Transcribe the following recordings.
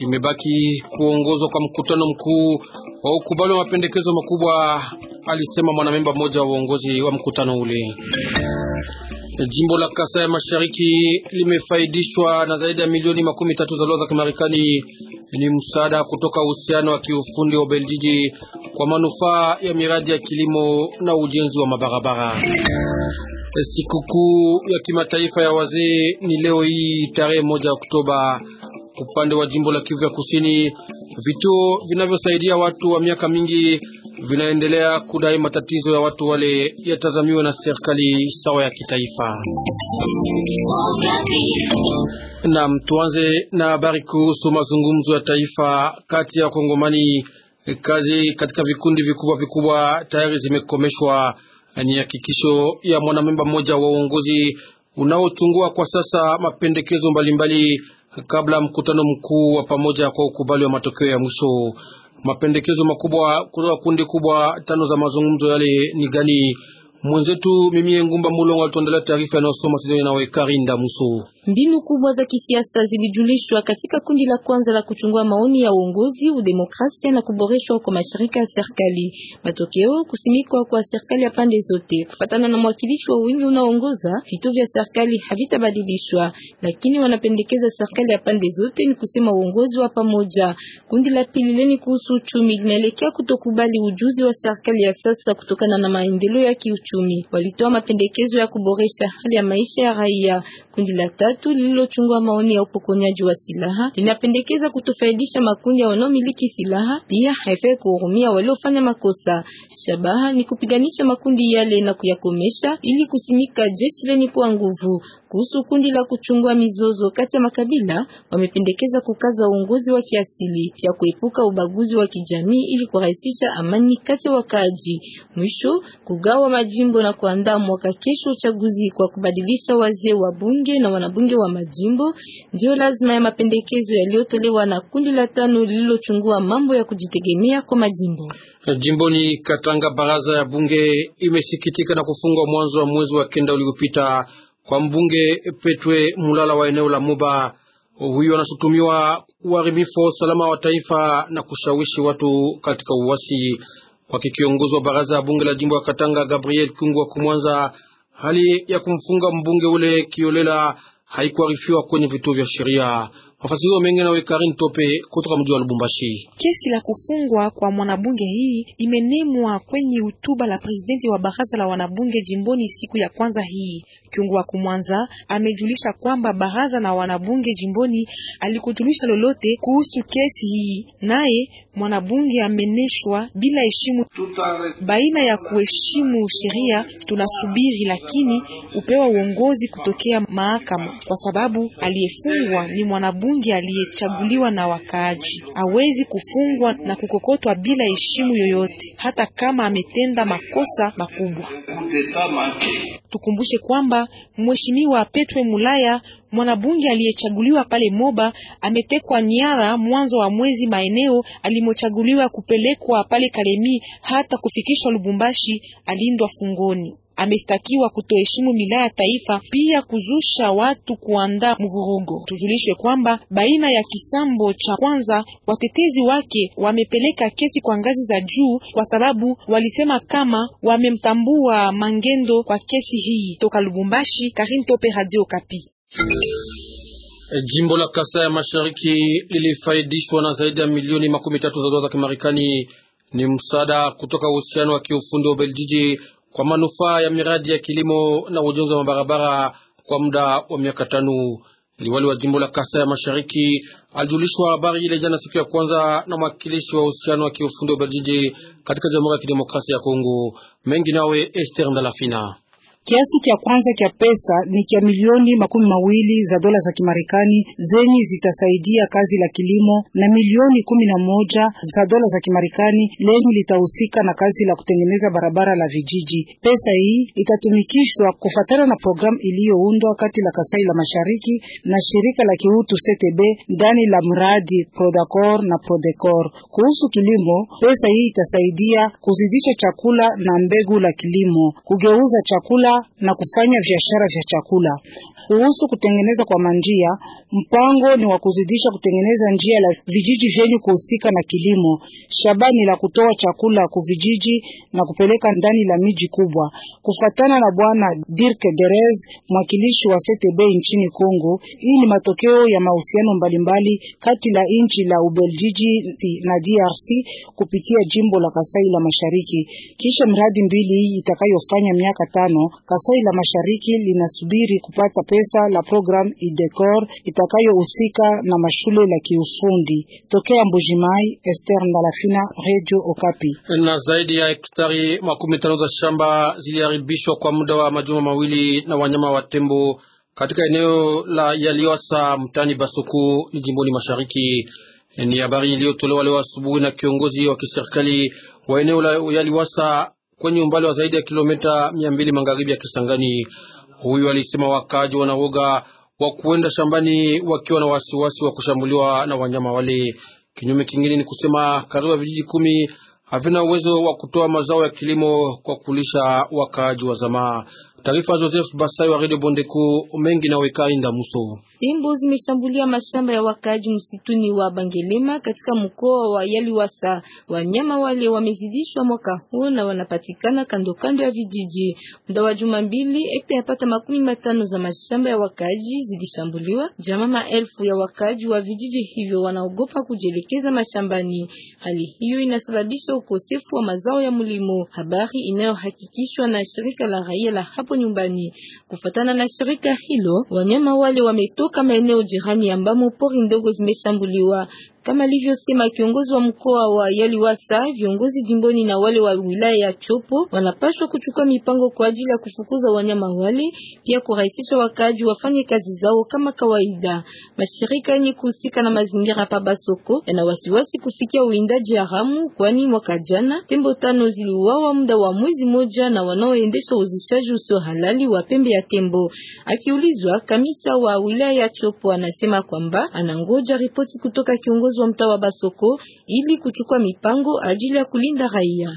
imebaki kuongozwa kwa mkutano mkuu wa ukubali wa mapendekezo makubwa, alisema mwanamemba mmoja wa uongozi wa mkutano ule. Jimbo la Kasai ya Mashariki limefaidishwa na zaidi ya milioni makumi tatu za dola za Kimarekani. Ni msaada kutoka uhusiano wa kiufundi wa Ubeljiji kwa manufaa ya miradi ya kilimo na ujenzi wa mabarabara. Sikukuu ya kimataifa ya wazee ni leo hii tarehe moja Oktoba upande wa jimbo la Kivu ya Kusini, vituo vinavyosaidia watu wa miaka mingi vinaendelea kudai matatizo ya watu wale yatazamiwe na serikali sawa ya kitaifa. Naam, tuanze na habari kuhusu mazungumzo ya taifa kati ya Wakongomani. Kazi katika vikundi vikubwa vikubwa tayari zimekomeshwa. Ni hakikisho ya mwanamemba mmoja wa uongozi unaochungua kwa sasa mapendekezo mbalimbali kabla mkutano mkuu wa pamoja kwa ukubali wa matokeo ya mwisho. Mapendekezo makubwa kutoka kundi kubwa tano za mazungumzo yale ni gani? Mwenzetu Mimie Ngumba Mulongo alituandalia taarifa inayosoma Sidoni nawe Karinda Muso. Mbinu kubwa za kisiasa zilijulishwa katika kundi la kwanza la kuchungua maoni ya uongozi, udemokrasia na kuboreshwa kwa mashirika ya serikali. Matokeo kusimikwa kwa serikali ya pande zote. Kufatana na mwakilishi wa wingi unaoongoza, vitu vya serikali havitabadilishwa, lakini wanapendekeza serikali ya pande zote ni kusema uongozi wa pamoja. Kundi la pili leni kuhusu uchumi linaelekea kutokubali ujuzi wa serikali ya sasa kutokana na maendeleo ya kiuchumi. Walitoa mapendekezo ya kuboresha hali ya maisha ya raia. Kundi la tatu tatu lililochungwa maoni ya upokonyaji wa silaha linapendekeza kutofaidisha makundi ya wanaomiliki silaha, pia haifai kuhurumia waliofanya makosa. Shabaha ni kupiganisha makundi yale na kuyakomesha ili kusimika jeshi lenye kuwa nguvu. Kuhusu kundi la kuchungua mizozo kati ya makabila, wamependekeza kukaza uongozi wa kiasili ya kuepuka ubaguzi wa kijamii ili kurahisisha amani kati ya wakaaji. Mwisho, kugawa majimbo na kuandaa mwaka kesho uchaguzi kwa kubadilisha wazee wa bunge na wanabunge wabunge wa majimbo ndio lazima ya mapendekezo yaliyotolewa na kundi la tano lililochungua mambo ya kujitegemea kwa majimbo. Jimbo ni Katanga, baraza ya bunge imesikitika na kufungwa mwanzo wa mwezi wa kenda uliopita kwa mbunge Petwe Mulala wa eneo la Muba. Huyo anashutumiwa uharibifu wa usalama wa taifa na kushawishi watu katika uwasi. Kwa kiongozi wa baraza ya bunge la jimbo ya Katanga Gabriel Kungwa Kumwanza, hali ya kumfunga mbunge ule kiolela haikuarifiwa kwenye vituo vya sheria Mafasirio mengi nawe Karin Tope kutoka mji wa Lubumbashi. Kesi la kufungwa kwa mwanabunge hii imenemwa kwenye hutuba la presidenti wa baraza la wanabunge jimboni siku ya kwanza hii. Kiungo wa kumwanza amejulisha kwamba baraza na wanabunge jimboni alikujulisha lolote kuhusu kesi hii, naye mwanabunge ameneshwa bila heshimu baina ya kuheshimu sheria. Tunasubiri lakini upewa uongozi kutokea mahakama, kwa sababu aliyefungwa ni mwanabunge mbunge aliyechaguliwa na wakaaji hawezi kufungwa na kukokotwa bila heshima yoyote, hata kama ametenda makosa makubwa. Tukumbushe kwamba mheshimiwa Petwe Mulaya, mwanabunge aliyechaguliwa pale Moba, ametekwa nyara mwanzo wa mwezi maeneo alimochaguliwa kupelekwa pale Kalemi hata kufikishwa Lubumbashi, alindwa fungoni amestakiwa kutoheshimu mila ya taifa, pia kuzusha watu kuandaa mvurugo. Tujulishwe kwamba baina ya kisambo cha kwanza watetezi wake wamepeleka kesi kwa ngazi za juu kwa sababu walisema kama wamemtambua Mangendo kwa kesi hii. Toka Lubumbashi, Karim Tope, Radio Kapi. E, jimbo la kasa ya Mashariki lilifaidishwa na zaidi ya milioni makumi tatu za dola za Kimarekani. Ni msaada kutoka uhusiano wa kiufundi wa Beljiji kwa manufaa ya miradi ya kilimo na ujenzi wa mabarabara kwa muda wa miaka tano. Liwali wa jimbo la kasa ya Mashariki alijulishwa habari ile jana siku ya kwanza na mwakilishi wa uhusiano wa kiufundi wa Beljiji katika Jamhuri ya Kidemokrasia ya Kongo. Mengi nawe Esther Ndalafina. Kiasi cha kwanza cha pesa ni cha milioni makumi mawili za dola za Kimarekani zenye zitasaidia kazi la kilimo na milioni kumi na moja za dola za Kimarekani lenye litahusika na kazi la kutengeneza barabara la vijiji. Pesa hii itatumikishwa kufatana na programu iliyoundwa kati la Kasai la Mashariki na shirika la kiutu CTB ndani la mradi Prodacor na Prodecor. Kuhusu kilimo, pesa hii itasaidia kuzidisha chakula na mbegu la kilimo, kugeuza chakula na kufanya biashara vya chakula. Kuhusu kutengeneza kwa manjia, mpango ni wa kuzidisha kutengeneza njia la vijiji vyenye kuhusika na kilimo. Shabani la kutoa chakula ku vijiji na kupeleka ndani la miji kubwa. Kufatana na bwana Dirk Derez, mwakilishi wa CTB nchini Kongo, hii ni matokeo ya mahusiano mbalimbali kati la nchi la Ubeljiji na DRC kupitia jimbo la Kasai la Mashariki. Kisha mradi mbili hii itakayofanya miaka tano, Kasai la Mashariki linasubiri kupata pesa la program IDECOR itakayohusika na mashule la kiufundi. Tokea Mbujimai, Esther Ndalafina, Radio Okapi. Na zaidi ya hektari makumi tano za shamba ziliharibishwa kwa muda wa majuma mawili na wanyama wa tembo katika eneo la Yaliwasa mtani Basuku ni jimboni mashariki. Ni habari iliyotolewa leo asubuhi na kiongozi wa kiserikali wa eneo la Yaliwasa kwenye umbali wa zaidi ya kilomita mia mbili magharibi ya Kisangani. Huyu alisema wakaaji wanawoga wa kuenda shambani wakiwa na wasiwasi wa kushambuliwa na wanyama wale. Kinyume kingine ni kusema karibu ya vijiji kumi havina uwezo wa kutoa mazao ya kilimo kwa kulisha wakaaji wa zamaa. Taarifa Joseph Basai wa Radio Bondeko mengi na inda muso. Tembo zimeshambulia mashamba ya wakaaji msituni wa Bangelema katika mkoa wa Yaliwasa. Wanyama wale wamezidishwa mwaka huu na wanapatikana kando kando ya vijiji. Muda wa juma mbili, hekta yapata makumi matano za mashamba ya wakaaji zilishambuliwa. Jamaa maelfu ya wakaaji wa vijiji hivyo wanaogopa kujielekeza mashambani. Hali hiyo inasababisha ukosefu wa mazao ya mlimo, habari inayohakikishwa na shirika la raia la hapo nyumbani. Kufatana na shirika hilo, wanyama wale wametoka maeneo jirani ambamo pori ndogo zimeshambuliwa. Kama alivyosema kiongozi wa mkoa wa Yaliwasa, viongozi jimboni na wale wa wilaya ya Chopo wanapaswa kuchukua mipango kwa ajili ya kufukuza wanyama wale, pia kurahisisha wakaaji wafanye kazi zao kama kawaida. Mashirika yenye kuhusika na mazingira pa Basoko yana wasiwasi kufikia uwindaji haramu, kwani mwaka jana tembo tano ziliuawa muda wa mwezi moja na wanaoendesha uzishaji usio halali wa pembe ya tembo. Akiulizwa, kamisa wa wilaya ya Chopo anasema kwamba anangoja ripoti kutoka kiongozi viongozi wa mtaa wa Basoko ili kuchukua mipango ajili ya kulinda raia.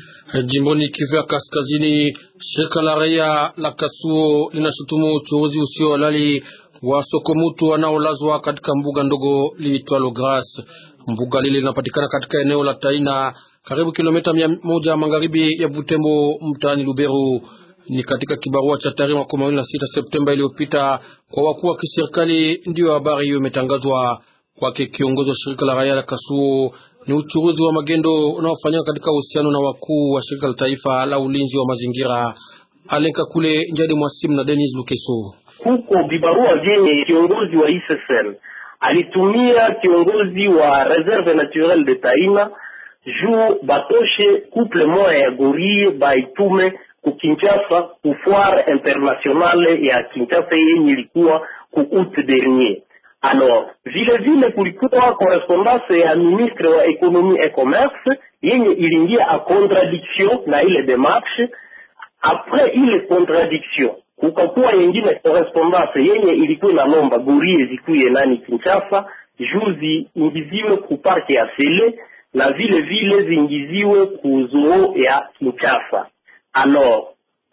Jimboni Kivu ya Kaskazini, shirika la raia la Kasuo linashutumu uchuuzi usio halali wa soko sokomutu wanaolazwa katika mbuga ndogo liitwalo Grass. Mbuga lile linapatikana katika eneo la Taina karibu kilomita mia moja magharibi ya Butembo mtaani Luberu. Ni katika kibarua cha tarehe 26 Septemba iliyopita kwa wakuu wa kiserikali, ndiyo habari hiyo imetangazwa. Kwake kiongozi wa shirika la raia la Kasuo ni uchuruzi wa magendo unaofanyika katika uhusiano na wakuu wa shirika la taifa la ulinzi wa mazingira. Alenka kule Njadi Mwasimu na Denis Lukeso, huko vibarua vyenye kiongozi wa ISSN alitumia kiongozi wa Reserve Naturelle de Taina juu batoshe couple moya ya gorie baitume ku Kinshasa ku foire internationale ya kinchasa yenye ilikuwa ku août dernier Alors, vile vile kulikuwa correspondance ya ministre wa ekonomi et commerce yenye ilingia a contradiction na ile demarche. Apres ile contradiction, kukakuwa yengine correspondance yenye ilikuwa lomba gurie zikuye nani Kinshasa, juzi ingiziwe ku parke ya Sele na vile vile zingiziwe ku zoo ya Kinshasa. Alors,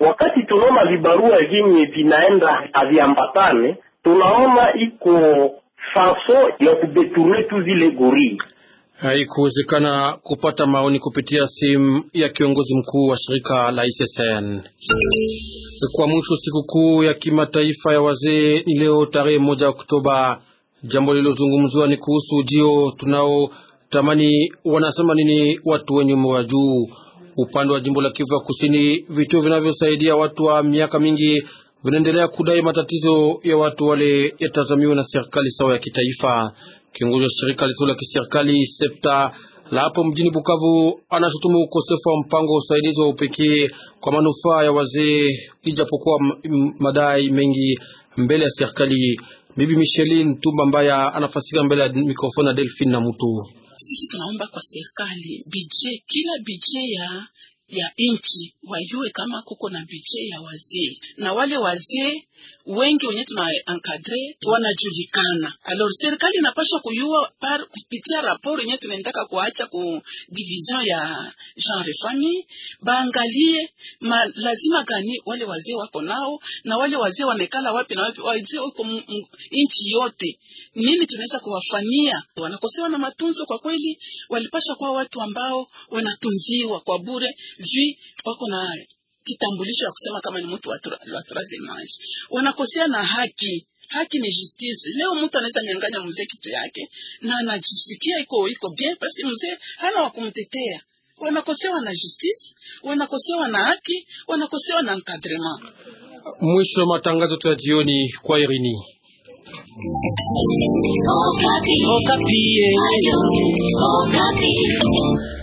wakati tunaona vibarua vyenye vinaenda haviambatane tunaona iko faso ya kudeturne tu zile gorii. Haikuwezekana ah, kupata maoni kupitia simu ya kiongozi mkuu wa shirika la ISSN. Kwa mwisho, sikukuu ya kimataifa ya wazee ni leo tarehe moja Oktoba. Jambo lilozungumziwa ni kuhusu ujio tunao tamani wanasema nini watu wenye umri wa juu. Upande wa jimbo la Kivu ya Kusini, vituo vinavyosaidia watu wa miaka mingi vinaendelea kudai matatizo ya watu wale yatazamiwe na serikali sawa ya kitaifa. Kiongozi wa shirika lisilo la kiserikali SEPTA la hapo mjini Bukavu anashutumu ukosefu wa mpango wa usaidizi wa upekee kwa manufaa ya wazee, ijapokuwa madai mengi mbele ya serikali. Bibi Micheline Tumba Mbaya anafasika mbele ya mikrofoni ya Delphine na Mutu. Sisi tunaomba kwa serikali bije, kila bije ya ya nchi wajue kama kuko na bije ya wazee na wale wazee wengi wenye tuna encadre wanajulikana. Alors serikali inapaswa kuyua par kupitia rapport yenye tunaendaka kuacha ku division ya genre famille, baangalie ma, lazima gani wale wazee wako nao na wale wazee wanaekala wapi na wapi, wazee wako nchi yote, nini tunaweza kuwafanyia? Wanakosewa na matunzo kwa kweli, walipasha kuwa watu ambao wanatunziwa kwa bure vi wako na kitambulisho ya kusema kama ni mtu wa troisieme age. Wanakosea na haki haki ni justice. Leo mtu anaweza nyang'anya mzee kitu yake na anajisikia iko iko bien que mzee hana wa kumtetea. Wanakosewa na justice, wanakosewa na haki, wanakosewa na encadrement. Mwisho wa matangazo ya jioni kwa Irini. Okapi. Okapi.